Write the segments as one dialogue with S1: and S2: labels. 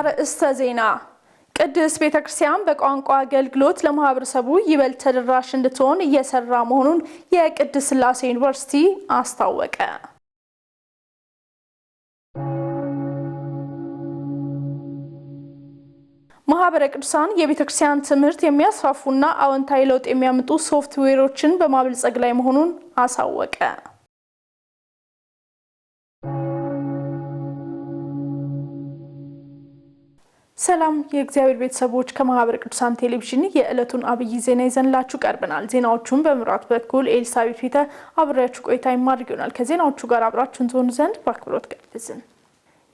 S1: አርእስተ ዜና ቅድስት ቤተ ክርስቲያን በቋንቋ አገልግሎት ለማህበረሰቡ ይበልጥ ተደራሽ እንድትሆን እየሰራ መሆኑን የቅድስት ስላሴ ዩኒቨርሲቲ አስታወቀ። ማህበረ ቅዱሳን የቤተ ክርስቲያን ትምህርት የሚያስፋፉና አዎንታዊ ለውጥ የሚያመጡ ሶፍትዌሮችን በማብልጸግ ላይ መሆኑን አሳወቀ። ሰላም የእግዚአብሔር ቤተሰቦች ከማህበረ ቅዱሳን ቴሌቪዥን የዕለቱን አብይ ዜና ይዘንላችሁ ቀርበናል። ዜናዎቹን በመምራት በኩል ኤልሳቤት ቤተ አብሬያችሁ ቆይታ ይማድርግ ይሆናል። ከዜናዎቹ ጋር አብራችሁን ትሆኑ ዘንድ በአክብሮት ጋብዝን።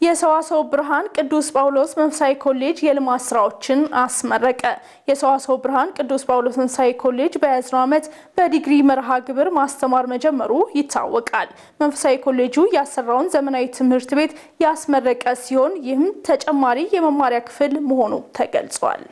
S1: የሰዋሰው ብርሃን ቅዱስ ጳውሎስ መንፈሳዊ ኮሌጅ የልማት ስራዎችን አስመረቀ። የሰዋሰው ብርሃን ቅዱስ ጳውሎስ መንፈሳዊ ኮሌጅ በያዝነው ዓመት በዲግሪ መርሃ ግብር ማስተማር መጀመሩ ይታወቃል። መንፈሳዊ ኮሌጁ ያሰራውን ዘመናዊ ትምህርት ቤት ያስመረቀ ሲሆን ይህም ተጨማሪ የመማሪያ ክፍል መሆኑ ተገልጿል።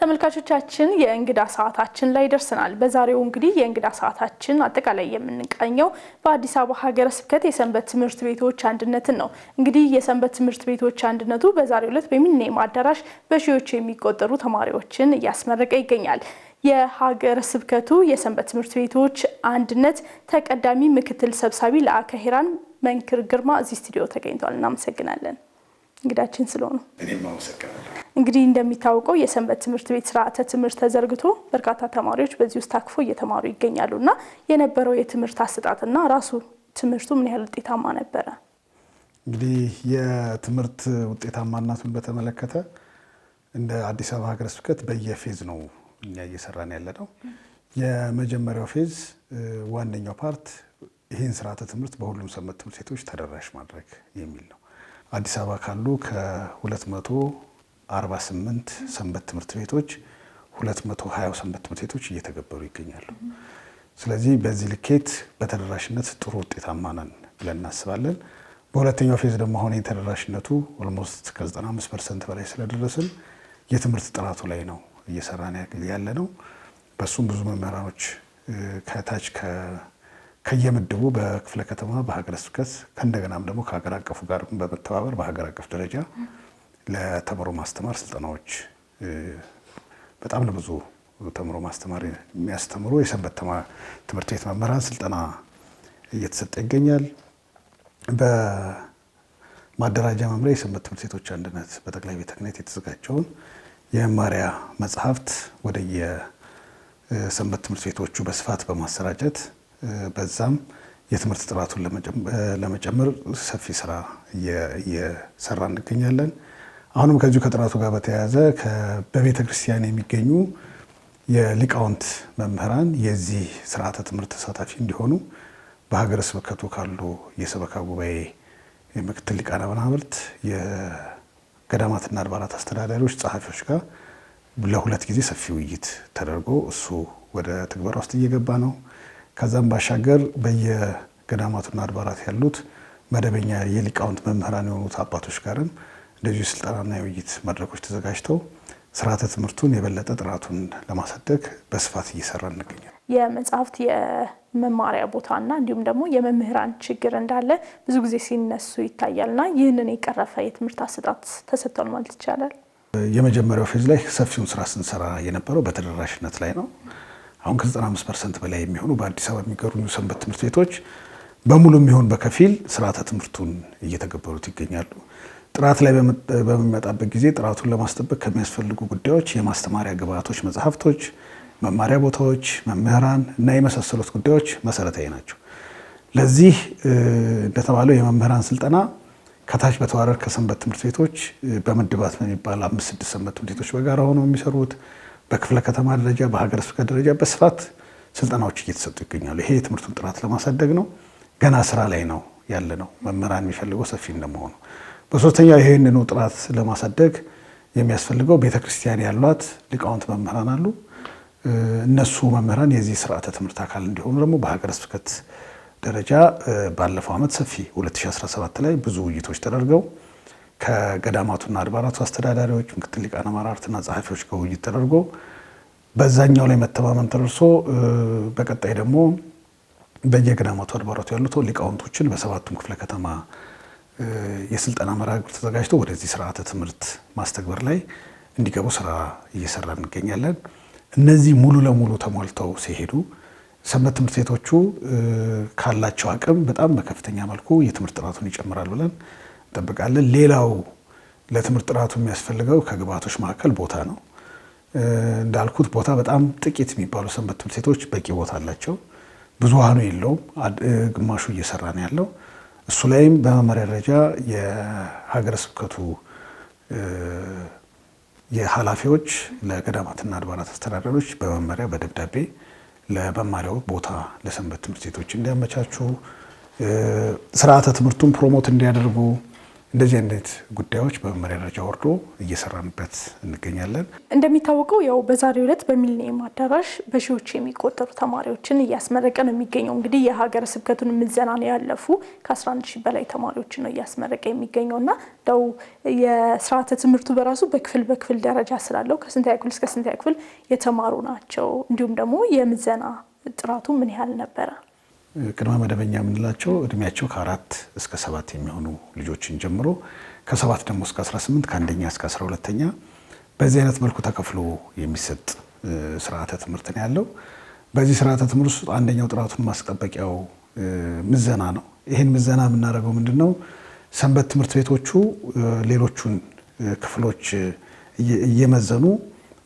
S1: ተመልካቾቻችን የእንግዳ ሰዓታችን ላይ ደርሰናል። በዛሬው እንግዲህ የእንግዳ ሰዓታችን አጠቃላይ የምንቃኘው በአዲስ አበባ ሀገረ ስብከት የሰንበት ትምህርት ቤቶች አንድነትን ነው። እንግዲህ የሰንበት ትምህርት ቤቶች አንድነቱ በዛሬው ዕለት በሚሊኒየም አዳራሽ በሺዎች የሚቆጠሩ ተማሪዎችን እያስመረቀ ይገኛል። የሀገረ ስብከቱ የሰንበት ትምህርት ቤቶች አንድነት ተቀዳሚ ምክትል ሰብሳቢ ለአከሄራን መንክር ግርማ እዚህ ስቱዲዮ ተገኝቷል። እናመሰግናለን። እንግዳችን ስለሆኑ እኔም አመሰግናለሁ። እንግዲህ እንደሚታወቀው የሰንበት ትምህርት ቤት ስርዓተ ትምህርት ተዘርግቶ በርካታ ተማሪዎች በዚህ ውስጥ ታክፎ እየተማሩ ይገኛሉ እና የነበረው የትምህርት አሰጣጥና ራሱ ትምህርቱ ምን ያህል ውጤታማ ነበረ?
S2: እንግዲህ የትምህርት ውጤታማነቱን በተመለከተ እንደ አዲስ አበባ ሀገረ ስብከት በየፌዝ ነው እኛ እየሰራን ያለ ነው። የመጀመሪያው ፌዝ ዋነኛው ፓርት ይህን ስርዓተ ትምህርት በሁሉም ሰንበት ትምህርት ቤቶች ተደራሽ ማድረግ የሚል ነው። አዲስ አበባ ካሉ ከ248 ሰንበት ትምህርት ቤቶች 220 ሰንበት ትምህርት ቤቶች እየተገበሩ ይገኛሉ። ስለዚህ በዚህ ልኬት በተደራሽነት ጥሩ ውጤታማ ነን ብለን እናስባለን። በሁለተኛው ፌዝ ደግሞ አሁን የተደራሽነቱ ኦልሞስት ከ95 ፐርሰንት በላይ ስለደረስን የትምህርት ጥራቱ ላይ ነው እየሰራን ያለ ነው። በሱም ብዙ መምህራኖች ከታች ከየምድቡ በክፍለ ከተማ በሀገረ ስብከት ከእንደገናም ደግሞ ከሀገር አቀፉ ጋር በመተባበር በሀገር አቀፍ ደረጃ ለተምሮ ማስተማር ስልጠናዎች በጣም ለብዙ ተምሮ ማስተማር የሚያስተምሩ የሰንበት ትምህርት ቤት መምህራን ስልጠና እየተሰጠ ይገኛል። በማደራጃ መምሪያ የሰንበት ትምህርት ቤቶች አንድነት በጠቅላይ ቤተ ክህነት የተዘጋጀውን የመማሪያ መጽሐፍት ወደየ ሰንበት ትምህርት ቤቶቹ በስፋት በማሰራጨት በዛም የትምህርት ጥራቱን ለመጨመር ሰፊ ስራ እየሰራ እንገኛለን። አሁንም ከዚሁ ከጥራቱ ጋር በተያያዘ በቤተ ክርስቲያን የሚገኙ የሊቃውንት መምህራን የዚህ ስርዓተ ትምህርት ተሳታፊ እንዲሆኑ በሀገረ ስብከቱ ካሉ የሰበካ ጉባኤ የምክትል ሊቃነ መናብርት፣ የገዳማትና አድባራት አስተዳዳሪዎች፣ ጸሐፊዎች ጋር ለሁለት ጊዜ ሰፊ ውይይት ተደርጎ እሱ ወደ ትግበራ ውስጥ እየገባ ነው። ከዛም ባሻገር በየገዳማቱና አድባራት ያሉት መደበኛ የሊቃውንት መምህራን የሆኑት አባቶች ጋርም እንደዚሁ ስልጠናና የውይይት መድረኮች ተዘጋጅተው ስርዓተ ትምህርቱን የበለጠ ጥራቱን ለማሳደግ በስፋት እየሰራ እንገኛለን።
S1: የመጽሐፍት የመማሪያ ቦታና እንዲሁም ደግሞ የመምህራን ችግር እንዳለ ብዙ ጊዜ ሲነሱ ይታያልና ይህንን የቀረፈ የትምህርት አሰጣጥ ተሰጥቷል ማለት ይቻላል።
S2: የመጀመሪያው ፌዝ ላይ ሰፊውን ስራ ስንሰራ የነበረው በተደራሽነት ላይ ነው። አሁን ከ95 ፐርሰንት በላይ የሚሆኑ በአዲስ አበባ የሚገኙ ሰንበት ትምህርት ቤቶች በሙሉ የሚሆን በከፊል ስርዓተ ትምህርቱን እየተገበሩት ይገኛሉ። ጥራት ላይ በሚመጣበት ጊዜ ጥራቱን ለማስጠበቅ ከሚያስፈልጉ ጉዳዮች የማስተማሪያ ግብዓቶች፣ መጽሐፍቶች፣ መማሪያ ቦታዎች፣ መምህራን እና የመሳሰሉት ጉዳዮች መሰረታዊ ናቸው። ለዚህ እንደተባለው የመምህራን ስልጠና ከታች በተዋረድ ከሰንበት ትምህርት ቤቶች በምድባት በሚባል አምስት ስድስት ሰንበት ትምህርት ቤቶች በጋራ ሆነው የሚሰሩት በክፍለ ከተማ ደረጃ በሀገረ ስብከት ደረጃ በስፋት ስልጠናዎች እየተሰጡ ይገኛሉ። ይሄ የትምህርቱን ጥራት ለማሳደግ ነው። ገና ስራ ላይ ነው ያለ ነው። መምህራን የሚፈልገው ሰፊ እንደመሆኑ፣ በሶስተኛ ይህንኑ ጥራት ለማሳደግ የሚያስፈልገው ቤተክርስቲያን ያሏት ሊቃውንት መምህራን አሉ። እነሱ መምህራን የዚህ ስርዓተ ትምህርት አካል እንዲሆኑ ደግሞ በሀገረ ስብከት ደረጃ ባለፈው ዓመት ሰፊ 2017 ላይ ብዙ ውይይቶች ተደርገው ከገዳማቱና አድባራቱ አስተዳዳሪዎች፣ ምክትል ሊቃነ መራርትና ጸሐፊዎች ጋር ውይይት ተደርጎ በዛኛው ላይ መተማመን ተደርሶ በቀጣይ ደግሞ በየገዳማቱ አድባራቱ ያሉት ሊቃውንቶችን በሰባቱም ክፍለ ከተማ የስልጠና መርሃ ግብር ተዘጋጅቶ ወደዚህ ስርዓተ ትምህርት ማስተግበር ላይ እንዲገቡ ስራ እየሰራ እንገኛለን። እነዚህ ሙሉ ለሙሉ ተሟልተው ሲሄዱ ሰንበት ትምህርት ቤቶቹ ካላቸው አቅም በጣም በከፍተኛ መልኩ የትምህርት ጥራቱን ይጨምራል ብለን እንጠብቃለን። ሌላው ለትምህርት ጥራቱ የሚያስፈልገው ከግብዓቶች መካከል ቦታ ነው። እንዳልኩት ቦታ በጣም ጥቂት የሚባሉ ሰንበት ትምህርት ቤቶች በቂ ቦታ አላቸው። ብዙሃኑ የለውም። ግማሹ እየሰራ ነው ያለው። እሱ ላይም በመመሪያ ደረጃ የሀገረ ስብከቱ የኃላፊዎች ለገዳማትና አድባራት አስተዳደሮች በመመሪያ በደብዳቤ ለመማሪያው ቦታ ለሰንበት ትምህርት ቤቶች እንዲያመቻቹ ስርዓተ ትምህርቱን ፕሮሞት እንዲያደርጉ እንደዚህ አይነት ጉዳዮች በመመሪያ ደረጃ ወርዶ እየሰራንበት እንገኛለን።
S1: እንደሚታወቀው ያው በዛሬው ዕለት በሚሊኒየም አዳራሽ በሺዎች የሚቆጠሩ ተማሪዎችን እያስመረቀ ነው የሚገኘው። እንግዲህ የሀገረ ስብከቱን ምዘና ነው ያለፉ ከ11 ሺ በላይ ተማሪዎችን ነው እያስመረቀ የሚገኘው እና ው የስርዓተ ትምህርቱ በራሱ በክፍል በክፍል ደረጃ ስላለው ከስንተኛ ክፍል እስከ ስንተኛ ክፍል የተማሩ ናቸው፣ እንዲሁም ደግሞ የምዘና ጥራቱ ምን ያህል ነበረ?
S2: ቅድመ መደበኛ የምንላቸው እድሜያቸው ከአራት እስከ ሰባት የሚሆኑ ልጆችን ጀምሮ ከሰባት ደግሞ እስከ 18 ከአንደኛ እስከ 12ተኛ በዚህ አይነት መልኩ ተከፍሎ የሚሰጥ ስርዓተ ትምህርት ነው ያለው። በዚህ ስርዓተ ትምህርት ውስጥ አንደኛው ጥራቱን ማስጠበቂያው ምዘና ነው። ይህን ምዘና የምናደርገው ምንድን ነው? ሰንበት ትምህርት ቤቶቹ ሌሎቹን ክፍሎች እየመዘኑ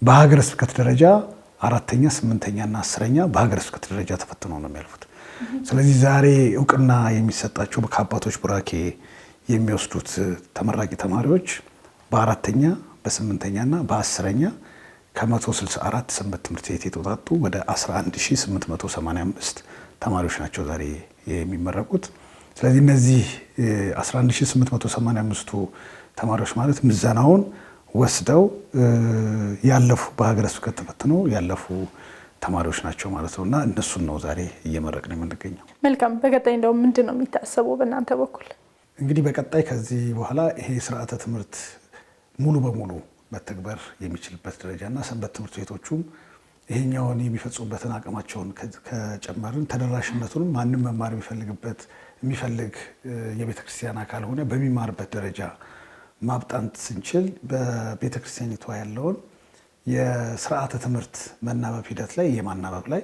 S2: በሀገረ ስብከት ደረጃ አራተኛ፣ ስምንተኛ እና አስረኛ በሀገረ ስብከት ደረጃ ተፈትነው ነው የሚያልፉት። ስለዚህ ዛሬ እውቅና የሚሰጣቸው ከአባቶች ቡራኬ የሚወስዱት ተመራቂ ተማሪዎች በአራተኛ በስምንተኛ እና በአስረኛ ከ164 ሰንበት ትምህርት ቤት የተውጣጡ ወደ 11885 ተማሪዎች ናቸው ዛሬ የሚመረቁት። ስለዚህ እነዚህ 11885ቱ ተማሪዎች ማለት ምዘናውን ወስደው ያለፉ በሀገረ ስብከት ተፈትነው ያለፉ ተማሪዎች ናቸው ማለት ነው እና እነሱን ነው ዛሬ ነው የምንገኘው።
S1: መልካም። በቀጣይ እንደው ምንድን ነው የሚታሰበው በእናንተ በኩል?
S2: እንግዲህ በቀጣይ ከዚህ በኋላ ይሄ ስርዓተ ትምህርት ሙሉ በሙሉ መተግበር የሚችልበት ደረጃ እና ሰንበት ትምህርት ቤቶቹም ይሄኛውን የሚፈጽሙበትን አቅማቸውን ከጨመርን ተደራሽነቱንም ማንም መማር የሚፈልግበት የሚፈልግ የቤተ ክርስቲያን አካል ሆነ በሚማርበት ደረጃ ማብጣት ስንችል በቤተ ክርስቲያኒቷ ያለውን የስርዓተ ትምህርት መናበብ ሂደት ላይ የማናበብ ላይ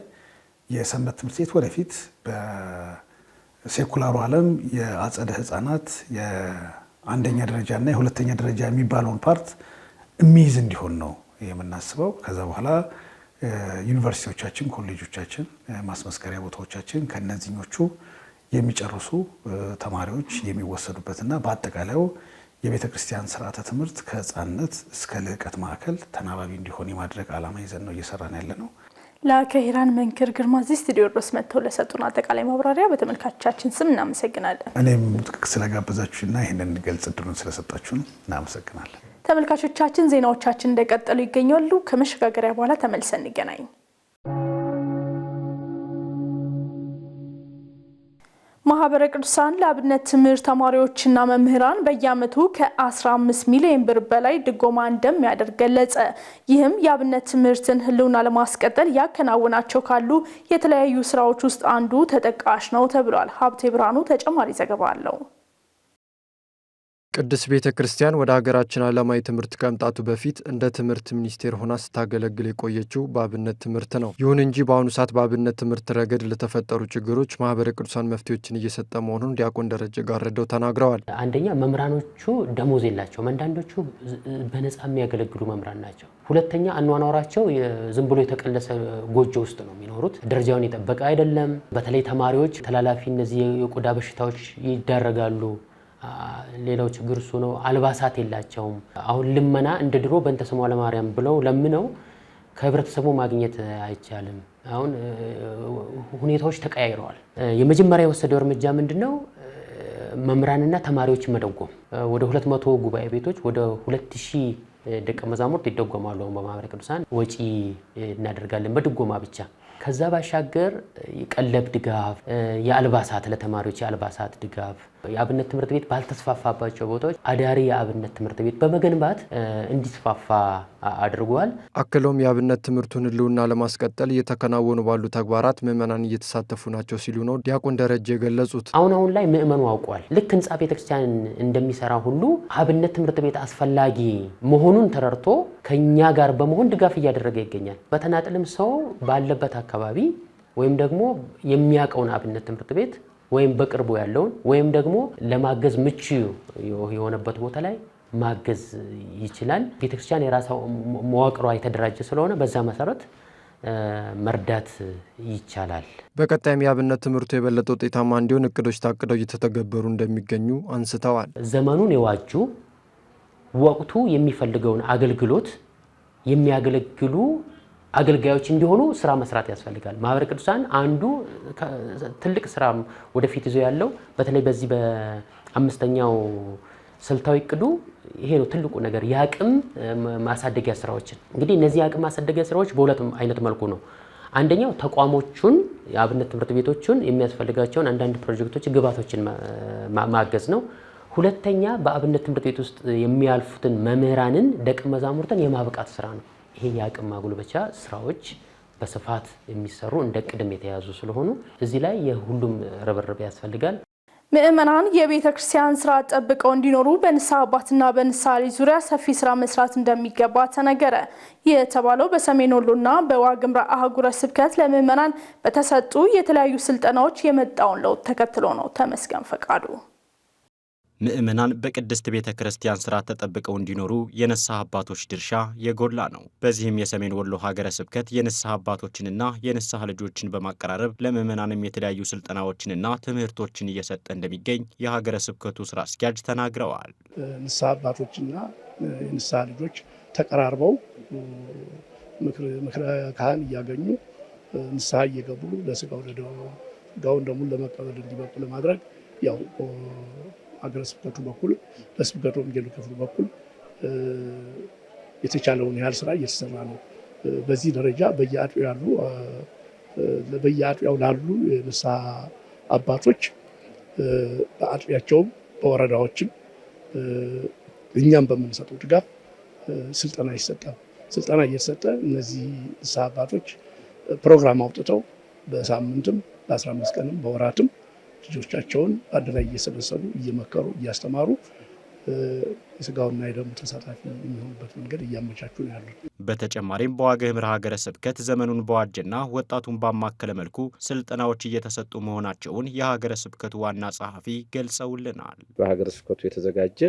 S2: የሰንበት ትምህርት ቤት ወደፊት በሴኩላሩ ዓለም የአጸደ ህፃናት የአንደኛ ደረጃ እና የሁለተኛ ደረጃ የሚባለውን ፓርት የሚይዝ እንዲሆን ነው የምናስበው። ከዛ በኋላ ዩኒቨርሲቲዎቻችን፣ ኮሌጆቻችን፣ ማስመስከሪያ ቦታዎቻችን ከነዚህኞቹ የሚጨርሱ ተማሪዎች የሚወሰዱበትና በአጠቃላዩ የቤተ ክርስቲያን ስርዓተ ትምህርት ከህፃንነት እስከ ልዕቀት ማዕከል ተናባቢ እንዲሆን የማድረግ ዓላማ ይዘን ነው እየሰራን ያለ ነው።
S1: ለአካሄራን መንክር ግርማ እዚህ ስቱዲዮ ድረስ መጥተው ለሰጡን አጠቃላይ ማብራሪያ በተመልካቾቻችን ስም እናመሰግናለን።
S2: እኔም ስለጋበዛችሁና ይህንን እንገልጽ ድሩን ስለሰጣችሁን እናመሰግናለን።
S1: ተመልካቾቻችን ዜናዎቻችን እንደቀጠሉ ይገኛሉ። ከመሸጋገሪያ በኋላ ተመልሰን እንገናኝ። ማህበረ ቅዱሳን ለአብነት ትምህርት ተማሪዎችና መምህራን በየዓመቱ ከ15 ሚሊዮን ብር በላይ ድጎማ እንደሚያደርግ ገለጸ። ይህም የአብነት ትምህርትን ሕልውና ለማስቀጠል ያከናውናቸው ካሉ የተለያዩ ስራዎች ውስጥ አንዱ ተጠቃሽ ነው ተብሏል። ሀብቴ ብርሃኑ ተጨማሪ ዘገባ አለው።
S3: ቅዱስ ቤተ ክርስቲያን ወደ ሀገራችን ዓለማዊ ትምህርት ከመምጣቱ በፊት እንደ ትምህርት ሚኒስቴር ሆና ስታገለግል የቆየችው በአብነት ትምህርት ነው። ይሁን እንጂ በአሁኑ ሰዓት በአብነት ትምህርት ረገድ ለተፈጠሩ ችግሮች ማህበረ ቅዱሳን
S4: መፍትሄዎችን እየሰጠ መሆኑን ዲያቆን ደረጀ ጋረደው ተናግረዋል። አንደኛ መምህራኖቹ ደሞዝ የላቸውም። አንዳንዶቹ በነፃ የሚያገለግሉ መምህራን ናቸው። ሁለተኛ አኗኗራቸው ዝም ብሎ የተቀለሰ ጎጆ ውስጥ ነው የሚኖሩት። ደረጃውን የጠበቀ አይደለም። በተለይ ተማሪዎች ተላላፊ እነዚህ የቆዳ በሽታዎች ይዳረጋሉ። ሌላው ችግር እሱ ነው። አልባሳት የላቸውም። አሁን ልመና እንደ ድሮ በእንተ ስሟ ለማርያም ብለው ለምነው ከህብረተሰቡ ማግኘት አይቻልም። አሁን ሁኔታዎች ተቀያይረዋል። የመጀመሪያ የወሰደው እርምጃ ምንድን ነው? መምህራንና ተማሪዎች መደጎም ወደ 200 ጉባኤ ቤቶች ወደ 2000 ደቀ መዛሙርት ይደጎማሉ። አሁን በማህበረ ቅዱሳን ወጪ እናደርጋለን በድጎማ ብቻ። ከዛ ባሻገር የቀለብ ድጋፍ፣ የአልባሳት ለተማሪዎች የአልባሳት ድጋፍ የአብነት ትምህርት ቤት ባልተስፋፋባቸው ቦታዎች አዳሪ የአብነት ትምህርት ቤት በመገንባት እንዲስፋፋ አድርጓል።
S3: አክለውም የአብነት ትምህርቱን ህልውና ለማስቀጠል እየተከናወኑ ባሉ ተግባራት ምዕመናን እየተሳተፉ ናቸው ሲሉ ነው ዲያቆን ደረጀ
S4: የገለጹት። አሁን አሁን ላይ ምዕመኑ አውቋል። ልክ ህንፃ ቤተክርስቲያን እንደሚሰራ ሁሉ አብነት ትምህርት ቤት አስፈላጊ መሆኑን ተረድቶ ከኛ ጋር በመሆን ድጋፍ እያደረገ ይገኛል። በተናጥልም ሰው ባለበት አካባቢ ወይም ደግሞ የሚያውቀውን አብነት ትምህርት ቤት ወይም በቅርቡ ያለውን ወይም ደግሞ ለማገዝ ምቹ የሆነበት ቦታ ላይ ማገዝ ይችላል። ቤተክርስቲያን የራሷ መዋቅሯ የተደራጀ ስለሆነ በዛ መሰረት መርዳት ይቻላል።
S3: በቀጣይም የአብነት ትምህርቱ የበለጠ ውጤታማ
S4: እንዲሆን እቅዶች ታቅደው እየተተገበሩ እንደሚገኙ አንስተዋል። ዘመኑን የዋጁ ወቅቱ የሚፈልገውን አገልግሎት የሚያገለግሉ አገልጋዮች እንዲሆኑ ስራ መስራት ያስፈልጋል። ማህበረ ቅዱሳን አንዱ ትልቅ ስራ ወደፊት ይዞ ያለው በተለይ በዚህ በአምስተኛው ስልታዊ እቅዱ ይሄ ነው ትልቁ ነገር፣ የአቅም ማሳደጊያ ስራዎችን እንግዲህ እነዚህ የአቅም ማሳደጊያ ስራዎች በሁለት አይነት መልኩ ነው። አንደኛው ተቋሞቹን የአብነት ትምህርት ቤቶቹን የሚያስፈልጋቸውን አንዳንድ ፕሮጀክቶች ግባቶችን ማገዝ ነው። ሁለተኛ በአብነት ትምህርት ቤት ውስጥ የሚያልፉትን መምህራንን ደቀ መዛሙርትን የማብቃት ስራ ነው። ይሄ የአቅም ማጎልበቻ ስራዎች በስፋት የሚሰሩ እንደ ቅድም የተያዙ ስለሆኑ እዚህ ላይ የሁሉም ርብርብ ያስፈልጋል።
S1: ምእመናን የቤተ ክርስቲያን ስራ ጠብቀው እንዲኖሩ በንስሐ አባትና በንስሐ ልጅ ዙሪያ ሰፊ ስራ መስራት እንደሚገባ ተነገረ። ይህ የተባለው በሰሜን ወሎና በዋግምራ አህጉረ ስብከት ለምእመናን በተሰጡ የተለያዩ ስልጠናዎች የመጣውን ለውጥ ተከትሎ ነው። ተመስገን ፈቃዱ
S5: ምእመናን በቅድስት ቤተ ክርስቲያን ስርዓት ተጠብቀው እንዲኖሩ የንስሐ አባቶች ድርሻ የጎላ ነው። በዚህም የሰሜን ወሎ ሀገረ ስብከት የንስሐ አባቶችንና የንስሐ ልጆችን በማቀራረብ ለምእመናንም የተለያዩ ስልጠናዎችንና ትምህርቶችን እየሰጠ እንደሚገኝ የሀገረ ስብከቱ ስራ አስኪያጅ ተናግረዋል።
S2: ንስሐ አባቶችና የንስሐ ልጆች ተቀራርበው ምክረ ካህን እያገኙ ንስሐ እየገቡ ለስጋው ለደሙን ለመቀበል እንዲበቁ ለማድረግ ያው በሀገረ ስብከቱ በኩል በስብከቱ ወንጌል ክፍሉ በኩል የተቻለውን ያህል ስራ እየተሰራ ነው። በዚህ ደረጃ በየአጥቢያው ላሉ የንስሐ አባቶች በአጥቢያቸውም በወረዳዎችም እኛም በምንሰጠው ድጋፍ ስልጠና ይሰጣል። ስልጠና እየተሰጠ እነዚህ ንስሐ አባቶች ፕሮግራም አውጥተው በሳምንትም በአስራ አምስት ቀንም በወራትም ልጆቻቸውን አንድ ላይ እየሰበሰቡ እየመከሩ እያስተማሩ የስጋውና የደሙ ተሳታፊ የሚሆኑበት መንገድ እያመቻቹ ነው ያሉት።
S5: በተጨማሪም በዋግ ኽምራ ሀገረ ስብከት ዘመኑን በዋጀና ወጣቱን ባማከለ መልኩ ስልጠናዎች እየተሰጡ መሆናቸውን የሀገረ ስብከቱ ዋና ጸሐፊ ገልጸውልናል።
S6: በሀገረ ስብከቱ የተዘጋጀ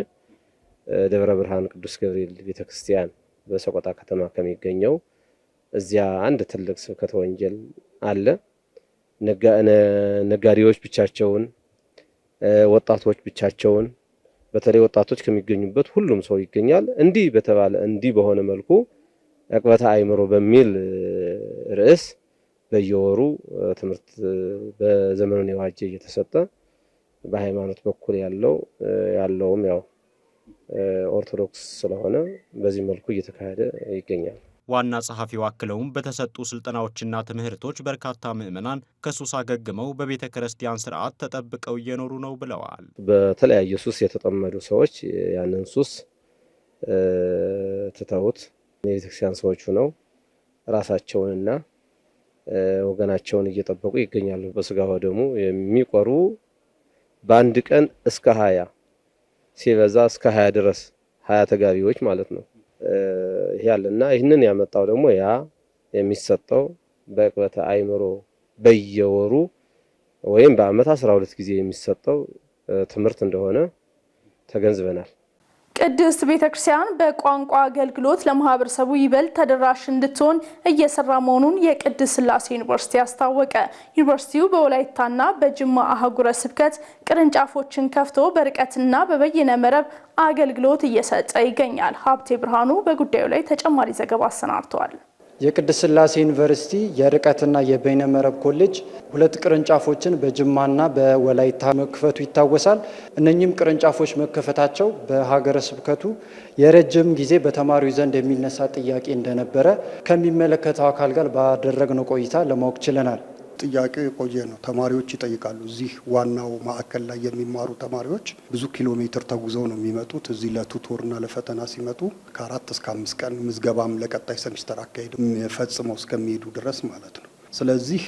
S6: ደብረ ብርሃን ቅዱስ ገብርኤል ቤተክርስቲያን በሰቆጣ ከተማ ከሚገኘው እዚያ አንድ ትልቅ ስብከተ ወንጌል አለ። ነጋዴዎች ብቻቸውን፣ ወጣቶች ብቻቸውን በተለይ ወጣቶች ከሚገኙበት ሁሉም ሰው ይገኛል። እንዲህ በተባለ እንዲህ በሆነ መልኩ ዕቅበተ አእምሮ በሚል ርዕስ በየወሩ ትምህርት በዘመኑን የዋጀ እየተሰጠ በሃይማኖት በኩል ያለው ያለውም ያው ኦርቶዶክስ ስለሆነ በዚህ መልኩ እየተካሄደ ይገኛል።
S5: ዋና ጸሐፊው አክለውም በተሰጡ ስልጠናዎችና ትምህርቶች በርካታ ምዕመናን ከሱስ አገግመው በቤተ ክርስቲያን ስርዓት ተጠብቀው እየኖሩ ነው ብለዋል።
S6: በተለያየ ሱስ የተጠመዱ ሰዎች ያንን ሱስ ትተውት የቤተ ክርስቲያን ሰዎች ሆነው ራሳቸውንና ወገናቸውን እየጠበቁ ይገኛሉ። በስጋዋ ደግሞ የሚቆሩ በአንድ ቀን እስከ ሀያ ሲበዛ እስከ ሀያ ድረስ ሀያ ተጋቢዎች ማለት ነው ያለና ይህንን ያመጣው ደግሞ ያ የሚሰጠው በእቅበተ አይምሮ በየወሩ ወይም በዓመት 12 ጊዜ የሚሰጠው ትምህርት እንደሆነ ተገንዝበናል።
S1: ቅድስት ቤተ ክርስቲያን በቋንቋ አገልግሎት ለማህበረሰቡ ይበልጥ ተደራሽ እንድትሆን እየሰራ መሆኑን የቅድስት ስላሴ ዩኒቨርሲቲ አስታወቀ። ዩኒቨርሲቲው በወላይታና በጅማ አህጉረ ስብከት ቅርንጫፎችን ከፍቶ በርቀትና በበይነ መረብ አገልግሎት እየሰጠ ይገኛል። ሀብቴ ብርሃኑ በጉዳዩ ላይ ተጨማሪ ዘገባ አሰናድተዋል።
S3: የቅድስት ስላሴ ዩኒቨርሲቲ የርቀትና የበይነመረብ ኮሌጅ ሁለት ቅርንጫፎችን በጅማና በወላይታ መክፈቱ ይታወሳል። እነኚህም ቅርንጫፎች መከፈታቸው በሀገረ ስብከቱ የረጅም ጊዜ በተማሪው ዘንድ የሚነሳ ጥያቄ እንደነበረ ከሚመለከተው አካል ጋር ባደረግነው ቆይታ ለማወቅ ችለናል። ጥያቄ የቆየ ነው። ተማሪዎች ይጠይቃሉ። እዚህ
S7: ዋናው ማዕከል ላይ የሚማሩ ተማሪዎች ብዙ ኪሎ ሜትር ተጉዘው ነው የሚመጡት። እዚህ ለቱቶርና ለፈተና ሲመጡ ከአራት እስከ አምስት ቀን ምዝገባም ለቀጣይ ሰሚስተር አካሄድ ፈጽመው እስከሚሄዱ ድረስ ማለት ነው። ስለዚህ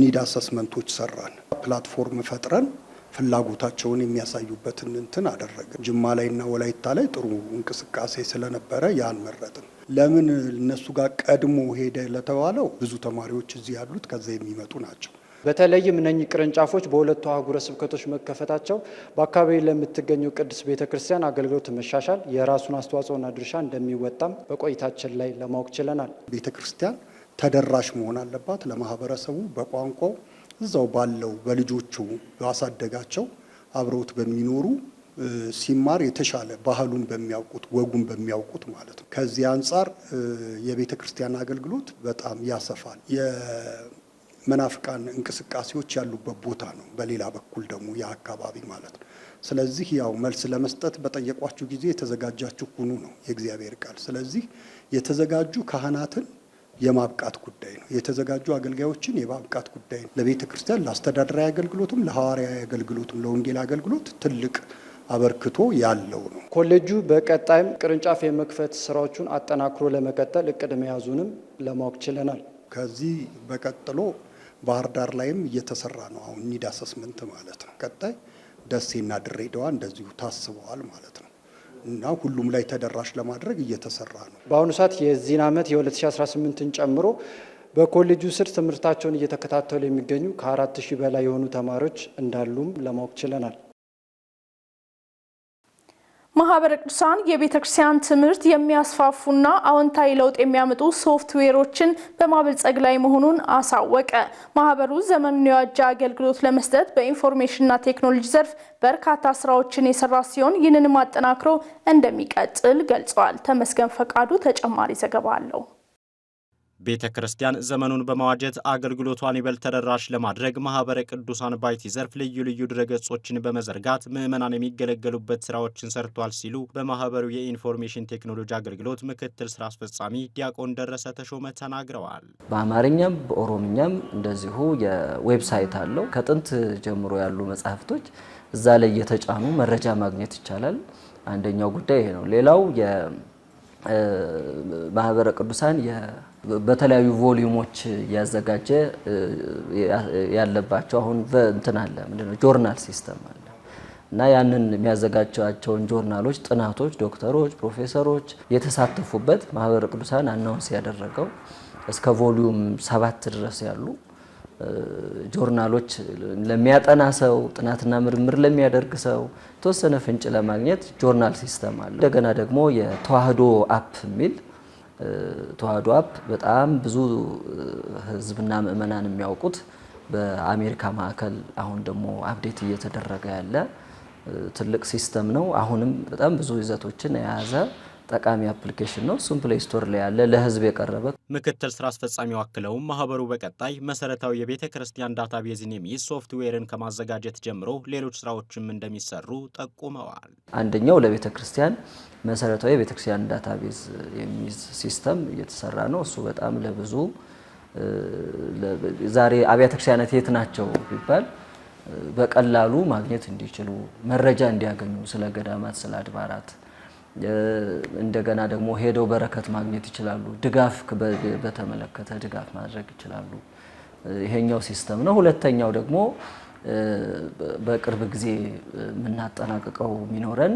S7: ኒድ አሰስመንቶች ሰራን፣ ፕላትፎርም ፈጥረን ፍላጎታቸውን የሚያሳዩበትን እንትን አደረግን። ጅማ ላይና ወላይታ ላይ ጥሩ እንቅስቃሴ ስለነበረ ያን መረጥን። ለምን እነሱ ጋር ቀድሞ ሄደ ለተባለው ብዙ ተማሪዎች እዚህ ያሉት ከዛ የሚመጡ ናቸው።
S3: በተለይም እነኚህ ቅርንጫፎች በሁለቱ አህጉረ ስብከቶች መከፈታቸው በአካባቢ ለምትገኘው ቅድስት ቤተ ክርስቲያን አገልግሎት መሻሻል የራሱን አስተዋጽኦና ድርሻ እንደሚወጣም በቆይታችን ላይ ለማወቅ ችለናል። ቤተ ክርስቲያን
S7: ተደራሽ መሆን አለባት ለማህበረሰቡ በቋንቋው እዛው ባለው በልጆቹ ባሳደጋቸው አብረውት በሚኖሩ ሲማር የተሻለ ባህሉን በሚያውቁት ወጉን በሚያውቁት ማለት ነው። ከዚህ አንጻር የቤተ ክርስቲያን አገልግሎት በጣም ያሰፋል። የመናፍቃን እንቅስቃሴዎች ያሉበት ቦታ ነው። በሌላ በኩል ደግሞ የአካባቢ ማለት ነው። ስለዚህ ያው መልስ ለመስጠት በጠየቋችሁ ጊዜ የተዘጋጃችሁ ሁኑ ነው የእግዚአብሔር ቃል። ስለዚህ የተዘጋጁ ካህናትን የማብቃት ጉዳይ ነው። የተዘጋጁ አገልጋዮችን የማብቃት ጉዳይ ነው። ለቤተ ክርስቲያን ለአስተዳደራዊ አገልግሎትም፣ ለሐዋርያዊ አገልግሎትም፣ ለወንጌል አገልግሎት ትልቅ አበርክቶ ያለው ነው።
S3: ኮሌጁ በቀጣይም ቅርንጫፍ የመክፈት ስራዎቹን አጠናክሮ ለመቀጠል እቅድ መያዙንም ለማወቅ ችለናል። ከዚህ በቀጥሎ ባህር ዳር ላይም እየተሰራ ነው። አሁን ኒድ አሰስመንት
S7: ማለት ነው። ቀጣይ ደሴና ድሬዳዋ እንደዚሁ ታስበዋል ማለት ነው እና ሁሉም
S3: ላይ ተደራሽ ለማድረግ እየተሰራ ነው። በአሁኑ ሰዓት የዚህን ዓመት የ2018ን ጨምሮ በኮሌጁ ስር ትምህርታቸውን እየተከታተሉ የሚገኙ ከአራት ሺህ በላይ የሆኑ ተማሪዎች እንዳሉም ለማወቅ ችለናል።
S1: ማህበረ ቅዱሳን የቤተ ክርስቲያን ትምህርት የሚያስፋፉና አዎንታዊ ለውጥ የሚያመጡ ሶፍትዌሮችን በማበልጸግ ላይ መሆኑን አሳወቀ። ማህበሩ ዘመኑን የዋጀ አገልግሎት ለመስጠት በኢንፎርሜሽንና ቴክኖሎጂ ዘርፍ በርካታ ስራዎችን የሰራ ሲሆን ይህንንም አጠናክሮ እንደሚቀጥል ገልጸዋል። ተመስገን ፈቃዱ ተጨማሪ ዘገባ አለው።
S5: ቤተ ክርስቲያን ዘመኑን በመዋጀት አገልግሎቷን ይበልጥ ተደራሽ ለማድረግ ማህበረ ቅዱሳን ባይቲ ዘርፍ ልዩ ልዩ ድረገጾችን በመዘርጋት ምዕመናን የሚገለገሉበት ስራዎችን ሰርቷል ሲሉ በማህበሩ የኢንፎርሜሽን ቴክኖሎጂ አገልግሎት ምክትል ስራ አስፈጻሚ ዲያቆን ደረሰ ተሾመ ተናግረዋል።
S8: በአማርኛም በኦሮምኛም እንደዚሁ የዌብሳይት አለው። ከጥንት ጀምሮ ያሉ መጽሐፍቶች እዛ ላይ እየተጫኑ መረጃ ማግኘት ይቻላል። አንደኛው ጉዳይ ይሄ ነው። ሌላው የማኅበረ ቅዱሳን በተለያዩ ቮሊዩሞች ያዘጋጀ ያለባቸው አሁን እንትን አለ ምንድነው ጆርናል ሲስተም አለ እና ያንን የሚያዘጋጃቸውን ጆርናሎች ጥናቶች ዶክተሮች፣ ፕሮፌሰሮች የተሳተፉበት ማህበረ ቅዱሳን አናውንስ ያደረገው እስከ ቮሊዩም ሰባት ድረስ ያሉ ጆርናሎች ለሚያጠና ሰው ጥናትና ምርምር ለሚያደርግ ሰው የተወሰነ ፍንጭ ለማግኘት ጆርናል ሲስተም አለ። እንደገና ደግሞ የተዋህዶ አፕ የሚል ተዋህዶ አፕ በጣም ብዙ ህዝብና ምእመናን የሚያውቁት በአሜሪካ ማዕከል አሁን ደግሞ አፕዴት እየተደረገ ያለ ትልቅ ሲስተም ነው። አሁንም በጣም ብዙ ይዘቶችን የያዘ ጠቃሚ አፕሊኬሽን ነው። እሱም ፕሌይ ስቶር ላይ ያለ ለህዝብ የቀረበ።
S5: ምክትል ስራ አስፈጻሚው አክለውም ማህበሩ በቀጣይ መሰረታዊ የቤተ ክርስቲያን ዳታ ቤዝን የሚይዝ ሶፍትዌርን ከማዘጋጀት ጀምሮ ሌሎች ስራዎችም እንደሚሰሩ ጠቁመዋል።
S8: አንደኛው ለቤተ ክርስቲያን መሰረታዊ የቤተ ክርስቲያን ዳታ ቤዝ የሚይዝ ሲስተም እየተሰራ ነው። እሱ በጣም ለብዙ ዛሬ አብያተ ክርስቲያናት የት ናቸው ቢባል በቀላሉ ማግኘት እንዲችሉ መረጃ እንዲያገኙ ስለ ገዳማት፣ ስለ አድባራት እንደገና ደግሞ ሄደው በረከት ማግኘት ይችላሉ። ድጋፍ በተመለከተ ድጋፍ ማድረግ ይችላሉ። ይሄኛው ሲስተም ነው። ሁለተኛው ደግሞ በቅርብ ጊዜ የምናጠናቅቀው የሚኖረን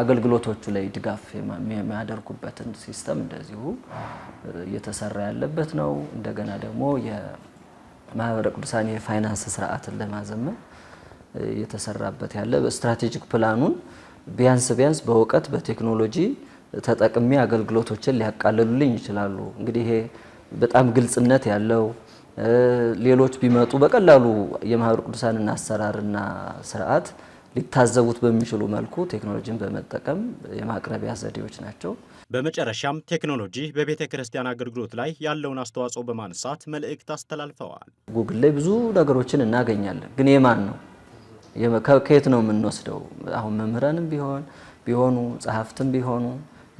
S8: አገልግሎቶቹ ላይ ድጋፍ የሚያደርጉበትን ሲስተም እንደዚሁ እየተሰራ ያለበት ነው። እንደገና ደግሞ የማህበረ ቅዱሳን የፋይናንስ ስርዓትን ለማዘመን እየተሰራበት ያለ ስትራቴጂክ ፕላኑን ቢያንስ ቢያንስ በእውቀት በቴክኖሎጂ ተጠቅሜ አገልግሎቶችን ሊያቃልሉልኝ ይችላሉ። እንግዲህ ይሄ በጣም ግልጽነት ያለው ሌሎች ቢመጡ በቀላሉ የማህበረ ቅዱሳንን አሰራርና ስርዓት ሊታዘቡት በሚችሉ መልኩ ቴክኖሎጂን በመጠቀም የማቅረቢያ ዘዴዎች ናቸው።
S5: በመጨረሻም ቴክኖሎጂ በቤተ ክርስቲያን አገልግሎት ላይ ያለውን አስተዋጽኦ በማንሳት መልእክት አስተላልፈዋል።
S8: ጉግል ላይ ብዙ ነገሮችን እናገኛለን፣ ግን የማን ነው ከየት ነው የምንወስደው? አሁን መምህራንም ቢሆን ቢሆኑ ጸሐፍትም ቢሆኑ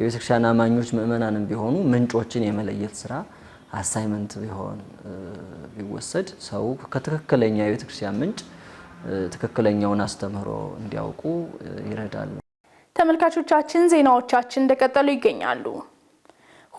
S8: የቤተክርስቲያን አማኞች ምእመናንም ቢሆኑ ምንጮችን የመለየት ስራ አሳይመንት ቢሆን ቢወሰድ ሰው ከትክክለኛ የቤተክርስቲያን ምንጭ ትክክለኛውን አስተምህሮ እንዲያውቁ ይረዳል።
S1: ተመልካቾቻችን ዜናዎቻችን እንደቀጠሉ ይገኛሉ።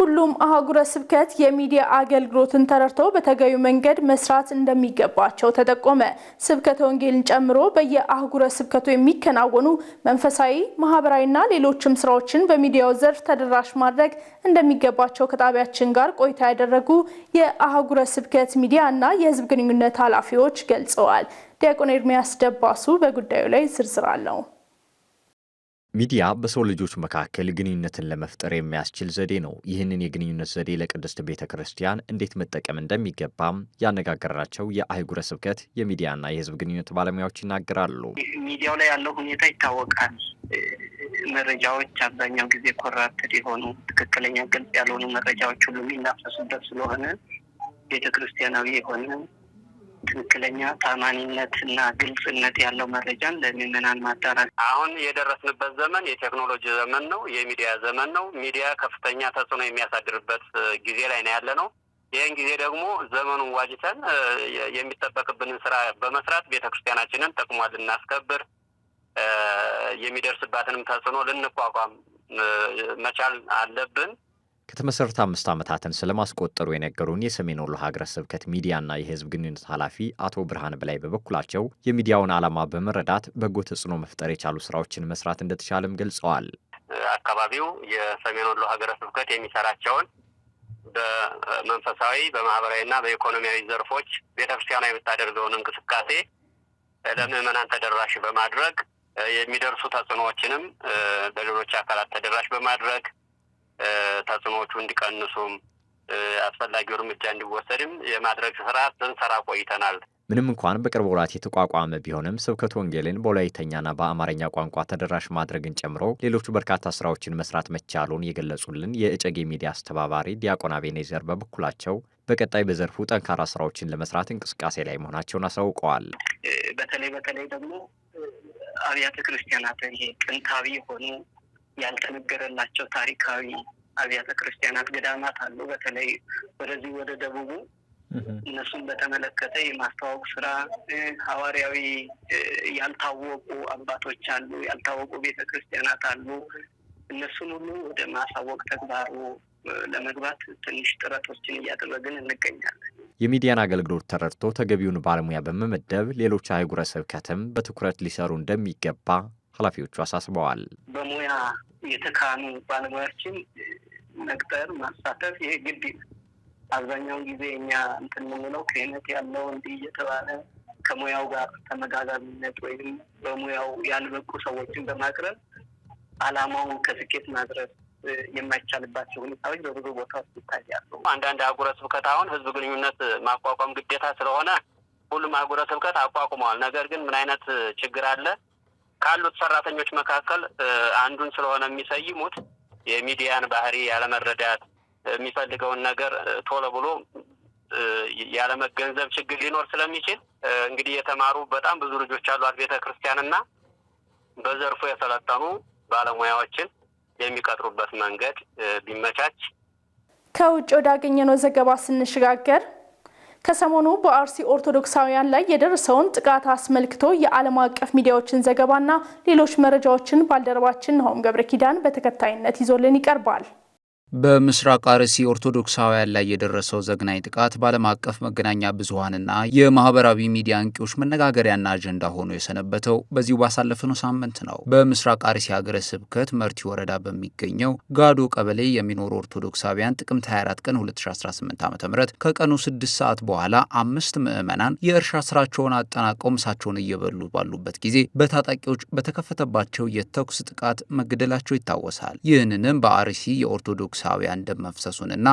S1: ሁሉም አህጉረ ስብከት የሚዲያ አገልግሎትን ተረድተው በተገቢው መንገድ መስራት እንደሚገባቸው ተጠቆመ። ስብከተ ወንጌልን ጨምሮ በየአህጉረ ስብከቱ የሚከናወኑ መንፈሳዊ፣ ማህበራዊና ሌሎችም ስራዎችን በሚዲያው ዘርፍ ተደራሽ ማድረግ እንደሚገባቸው ከጣቢያችን ጋር ቆይታ ያደረጉ የአህጉረ ስብከት ሚዲያ እና የህዝብ ግንኙነት ኃላፊዎች ገልጸዋል። ዲያቆን ኤርሚያስ ደባሱ በጉዳዩ ላይ ዝርዝር አለው።
S9: ሚዲያ በሰው ልጆች መካከል ግንኙነትን ለመፍጠር የሚያስችል ዘዴ ነው። ይህንን የግንኙነት ዘዴ ለቅድስት ቤተ ክርስቲያን እንዴት መጠቀም እንደሚገባም ያነጋገርናቸው የአህጉረ ስብከት የሚዲያና የሕዝብ ግንኙነት ባለሙያዎች ይናገራሉ።
S10: ሚዲያው ላይ ያለው ሁኔታ ይታወቃል። መረጃዎች አብዛኛው ጊዜ ኮራፕትድ የሆኑ ትክክለኛ፣ ግልጽ ያልሆኑ መረጃዎች ሁሉ የሚናፈሱበት ስለሆነ ቤተ ክርስቲያናዊ የሆነ ትክክለኛ ታማኒነት እና ግልጽነት ያለው መረጃን ለምዕመናን ማዳረስ።
S11: አሁን የደረስንበት ዘመን የቴክኖሎጂ ዘመን ነው፣ የሚዲያ ዘመን ነው። ሚዲያ ከፍተኛ ተጽዕኖ የሚያሳድርበት ጊዜ ላይ ነው ያለ ነው። ይህን ጊዜ ደግሞ ዘመኑን ዋጅተን የሚጠበቅብንን ስራ በመስራት ቤተክርስቲያናችንን ጥቅሟ ልናስከብር የሚደርስባትንም ተጽዕኖ ልንቋቋም መቻል አለብን።
S9: ከተመሰረተ አምስት ዓመታትን ስለማስቆጠሩ የነገሩን የሰሜን ወሎ ሀገረ ስብከት ሚዲያና የህዝብ ግንኙነት ኃላፊ አቶ ብርሃን በላይ በበኩላቸው የሚዲያውን ዓላማ በመረዳት በጎ ተጽዕኖ መፍጠር የቻሉ ስራዎችን መስራት እንደተቻለም ገልጸዋል።
S11: አካባቢው የሰሜን ወሎ ሀገረ ስብከት የሚሰራቸውን በመንፈሳዊ በማህበራዊና በኢኮኖሚያዊ ዘርፎች ቤተክርስቲያኗ የምታደርገውን እንቅስቃሴ ለምዕመናን ተደራሽ በማድረግ የሚደርሱ ተጽዕኖዎችንም ለሌሎች አካላት ተደራሽ በማድረግ ተጽዕኖዎቹ እንዲቀንሱም አስፈላጊው እርምጃ እንዲወሰድም የማድረግ ስራ ስንሰራ ቆይተናል።
S9: ምንም እንኳን በቅርብ ወራት የተቋቋመ ቢሆንም ስብከት ወንጌልን በወላይተኛና በአማርኛ ቋንቋ ተደራሽ ማድረግን ጨምሮ ሌሎቹ በርካታ ስራዎችን መስራት መቻሉን የገለጹልን የእጨጌ ሚዲያ አስተባባሪ ዲያቆን አቤኔዘር በበኩላቸው በቀጣይ በዘርፉ ጠንካራ ስራዎችን ለመስራት እንቅስቃሴ ላይ መሆናቸውን አሳውቀዋል።
S10: በተለይ በተለይ ደግሞ አብያተ ክርስቲያናት ይሄ ጥንታዊ የሆኑ ያልተነገረላቸው ታሪካዊ አብያተ ክርስቲያናት፣ ገዳማት አሉ። በተለይ ወደዚህ ወደ ደቡቡ እነሱን በተመለከተ የማስተዋወቅ ስራ ሐዋርያዊ ያልታወቁ አባቶች አሉ፣ ያልታወቁ ቤተ ክርስቲያናት አሉ። እነሱን ሁሉ ወደ ማሳወቅ ተግባሩ ለመግባት ትንሽ ጥረቶችን እያደረግን እንገኛለን።
S9: የሚዲያን አገልግሎት ተረድቶ ተገቢውን ባለሙያ በመመደብ ሌሎች አህጉረ ስብከትም በትኩረት ሊሰሩ እንደሚገባ ኃላፊዎቹ አሳስበዋል።
S10: በሙያ የተካኑ ባለሙያዎችን መቅጠር ማሳተፍ ይሄ ግድ አብዛኛውን ጊዜ እኛ እንትን የምንለው ክህነት ያለው እንዲህ እየተባለ ከሙያው ጋር ተመጋጋቢነት ወይም በሙያው ያልበቁ ሰዎችን በማቅረብ አላማውን ከስኬት ማድረስ የማይቻልባቸው ሁኔታዎች በብዙ ቦታዎች ይታያሉ።
S11: አንዳንድ አህጉረ ስብከት አሁን ህዝብ ግንኙነት ማቋቋም ግዴታ ስለሆነ ሁሉም አህጉረ ስብከት አቋቁመዋል። ነገር ግን ምን አይነት ችግር አለ? ካሉት ሰራተኞች መካከል አንዱን ስለሆነ የሚሰይሙት የሚዲያን ባህሪ ያለመረዳት፣ የሚፈልገውን ነገር ቶሎ ብሎ ያለመገንዘብ ችግር ሊኖር ስለሚችል እንግዲህ የተማሩ በጣም ብዙ ልጆች አሏት ቤተ ክርስቲያን እና በዘርፉ የሰለጠኑ ባለሙያዎችን የሚቀጥሩበት መንገድ ቢመቻች።
S1: ከውጭ ወዳገኘነው ዘገባ ስንሸጋገር ከሰሞኑ በአርሲ ኦርቶዶክሳውያን ላይ የደረሰውን ጥቃት አስመልክቶ የዓለም አቀፍ ሚዲያዎችን ዘገባና ሌሎች መረጃዎችን ባልደረባችን ናሆም ገብረ ኪዳን በተከታይነት ይዞልን ይቀርባል።
S12: በምስራቅ አርሲ ኦርቶዶክሳውያን ላይ የደረሰው ዘግናኝ ጥቃት በዓለም አቀፍ መገናኛ ብዙሀንና የማህበራዊ ሚዲያ አንቂዎች መነጋገሪያና አጀንዳ ሆኖ የሰነበተው በዚሁ ባሳለፍነው ሳምንት ነው። በምስራቅ አርሲ ሀገረ ስብከት መርቲ ወረዳ በሚገኘው ጋዶ ቀበሌ የሚኖሩ ኦርቶዶክሳውያን ጥቅምት 24 ቀን 2018 ዓ ም ከቀኑ 6 ሰዓት በኋላ አምስት ምዕመናን የእርሻ ስራቸውን አጠናቀው ምሳቸውን እየበሉ ባሉበት ጊዜ በታጣቂዎች በተከፈተባቸው የተኩስ ጥቃት መገደላቸው ይታወሳል። ይህንንም በአርሲ የኦርቶዶክስ ኦርቶዶክሳውያን ደም መፍሰሱንና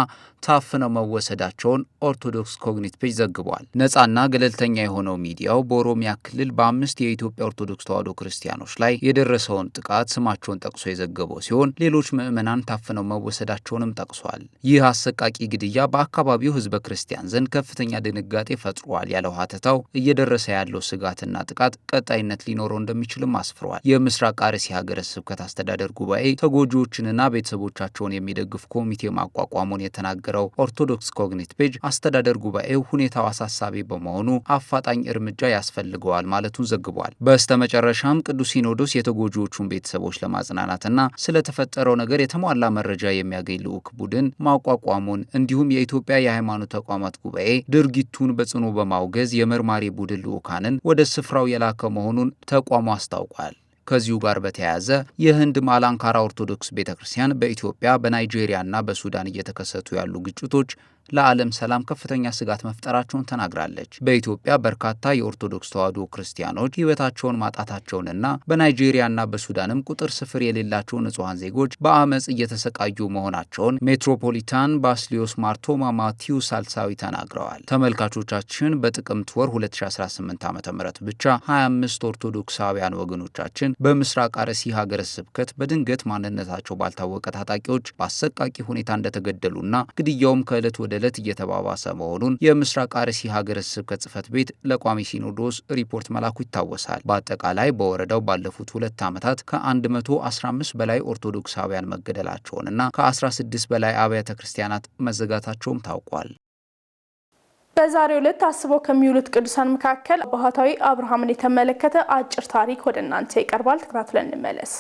S12: ታፍነው መወሰዳቸውን ኦርቶዶክስ ኮግኒት ፔጅ ዘግቧል። ነጻና ገለልተኛ የሆነው ሚዲያው በኦሮሚያ ክልል በአምስት የኢትዮጵያ ኦርቶዶክስ ተዋሕዶ ክርስቲያኖች ላይ የደረሰውን ጥቃት ስማቸውን ጠቅሶ የዘገበው ሲሆን ሌሎች ምዕመናን ታፍነው መወሰዳቸውንም ጠቅሷል። ይህ አሰቃቂ ግድያ በአካባቢው ህዝበ ክርስቲያን ዘንድ ከፍተኛ ድንጋጤ ፈጥሯል ያለው ሀተታው እየደረሰ ያለው ስጋትና ጥቃት ቀጣይነት ሊኖረው እንደሚችልም አስፍሯል። የምስራቅ አርሲ ሀገረ ስብከት አስተዳደር ጉባኤ ተጎጂዎችንና ቤተሰቦቻቸውን የሚደግ የሚደግፍ ኮሚቴ ማቋቋሙን የተናገረው ኦርቶዶክስ ኮግኒት ፔጅ አስተዳደር ጉባኤው ሁኔታው አሳሳቢ በመሆኑ አፋጣኝ እርምጃ ያስፈልገዋል ማለቱን ዘግቧል። በስተመጨረሻም ቅዱስ ሲኖዶስ የተጎጂዎቹን ቤተሰቦች ለማጽናናትና ስለተፈጠረው ነገር የተሟላ መረጃ የሚያገኝ ልዑክ ቡድን ማቋቋሙን እንዲሁም የኢትዮጵያ የሃይማኖት ተቋማት ጉባኤ ድርጊቱን በጽኑ በማውገዝ የመርማሪ ቡድን ልዑካንን ወደ ስፍራው የላከ መሆኑን ተቋሙ አስታውቋል። ከዚሁ ጋር በተያያዘ የህንድ ማላንካራ ኦርቶዶክስ ቤተ ክርስቲያን በኢትዮጵያ በናይጄሪያና በሱዳን እየተከሰቱ ያሉ ግጭቶች ለዓለም ሰላም ከፍተኛ ስጋት መፍጠራቸውን ተናግራለች። በኢትዮጵያ በርካታ የኦርቶዶክስ ተዋሕዶ ክርስቲያኖች ሕይወታቸውን ማጣታቸውንና በናይጄሪያና በሱዳንም ቁጥር ስፍር የሌላቸው ንጹሐን ዜጎች በአመፅ እየተሰቃዩ መሆናቸውን ሜትሮፖሊታን ባስሊዮስ ማርቶማ ማቲው ሳልሳዊ ተናግረዋል። ተመልካቾቻችን በጥቅምት ወር 2018 ዓ ም ብቻ 25 ኦርቶዶክሳውያን ወገኖቻችን በምስራቅ አርሲ ሀገረ ስብከት በድንገት ማንነታቸው ባልታወቀ ታጣቂዎች በአሰቃቂ ሁኔታ እንደተገደሉና ግድያውም ከዕለት ወደ ዕለት እየተባባሰ መሆኑን የምስራቅ አርሲ ሀገረ ስብከት ጽሕፈት ቤት ለቋሚ ሲኖዶስ ሪፖርት መላኩ ይታወሳል። በአጠቃላይ በወረዳው ባለፉት ሁለት ዓመታት ከ115 በላይ ኦርቶዶክሳውያን መገደላቸውንና ከ16 በላይ አብያተ ክርስቲያናት መዘጋታቸውም ታውቋል።
S1: በዛሬው ዕለት ታስበው ከሚውሉት ቅዱሳን መካከል ባህታዊ አብርሃምን የተመለከተ አጭር ታሪክ ወደ እናንተ ይቀርባል። ተከታትለን እንመለስ።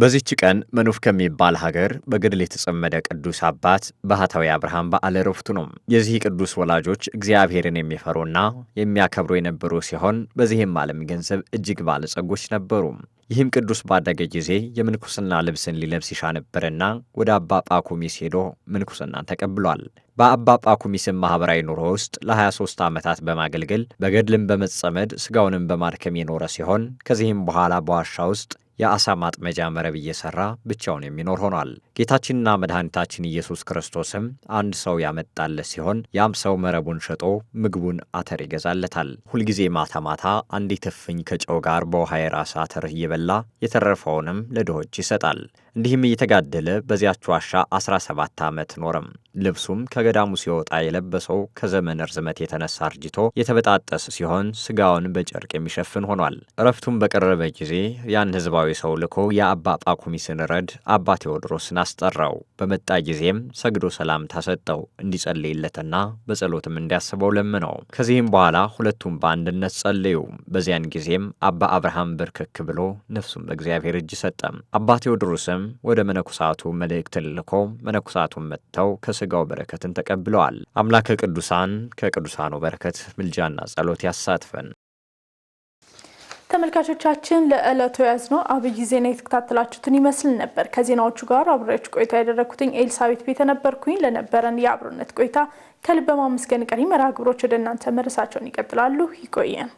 S9: በዚህች ቀን መኑፍ ከሚባል ሀገር በገድል የተጸመደ ቅዱስ አባት ባህታዊ አብርሃም በዓለ ዕረፍቱ ነው። የዚህ ቅዱስ ወላጆች እግዚአብሔርን የሚፈሩና የሚያከብሩ የነበሩ ሲሆን በዚህም ዓለም ገንዘብ እጅግ ባለጸጎች ነበሩ። ይህም ቅዱስ ባደገ ጊዜ የምንኩስና ልብስን ሊለብስ ይሻ ነበርና ወደ አባ ጳኩሚስ ሄዶ ምንኩስናን ተቀብሏል። በአባ ጳኩሚስም ማኅበራዊ ኑሮ ውስጥ ለ23 ዓመታት በማገልገል በገድልም በመጸመድ ሥጋውንም በማድከም የኖረ ሲሆን ከዚህም በኋላ በዋሻ ውስጥ የአሳ ማጥመጃ መረብ እየሰራ ብቻውን የሚኖር ሆኗል። ጌታችንና መድኃኒታችን ኢየሱስ ክርስቶስም አንድ ሰው ያመጣለ ሲሆን ያም ሰው መረቡን ሸጦ ምግቡን አተር ይገዛለታል። ሁልጊዜ ማታ ማታ አንዲት እፍኝ ከጨው ጋር በውሃ የራስ አተር እየበላ የተረፈውንም ለድሆች ይሰጣል። እንዲህም እየተጋደለ በዚያች ዋሻ 17 ዓመት ኖረም። ልብሱም ከገዳሙ ሲወጣ የለበሰው ከዘመን ርዝመት የተነሳ አርጅቶ የተበጣጠስ ሲሆን ስጋውን በጨርቅ የሚሸፍን ሆኗል። እረፍቱም በቀረበ ጊዜ ያን ህዝባዊ ሰው ልኮ የአባ ጳኩሚስን ረድ አባ ቴዎድሮስን አስጠራው። በመጣ ጊዜም ሰግዶ ሰላምታ ሰጠው፣ እንዲጸልይለትና በጸሎትም እንዲያስበው ለምነው። ከዚህም በኋላ ሁለቱም በአንድነት ጸልዩ በዚያን ጊዜም አባ አብርሃም ብርክክ ብሎ ነፍሱን በእግዚአብሔር እጅ ሰጠ። አባ ቴዎድሮስም ወደ መነኮሳቱ መልእክትን ልኮ መነኮሳቱን መጥተው ከስጋው በረከትን ተቀብለዋል። አምላከ ቅዱሳን ከቅዱሳኑ በረከት ምልጃና ጸሎት ያሳትፈን።
S1: ተመልካቾቻችን ለዕለቱ የያዝነው አብይ ዜና የተከታተላችሁትን ይመስል ነበር። ከዜናዎቹ ጋር አብሬያችሁ ቆይታ ያደረግኩትኝ ኤልሳቤት ቤተ ነበርኩኝ። ለነበረን የአብሮነት ቆይታ ከልብ በማመስገን ቀሪ መርሃ ግብሮች ወደ እናንተ መረሳቸውን ይቀጥላሉ። ይቆየን።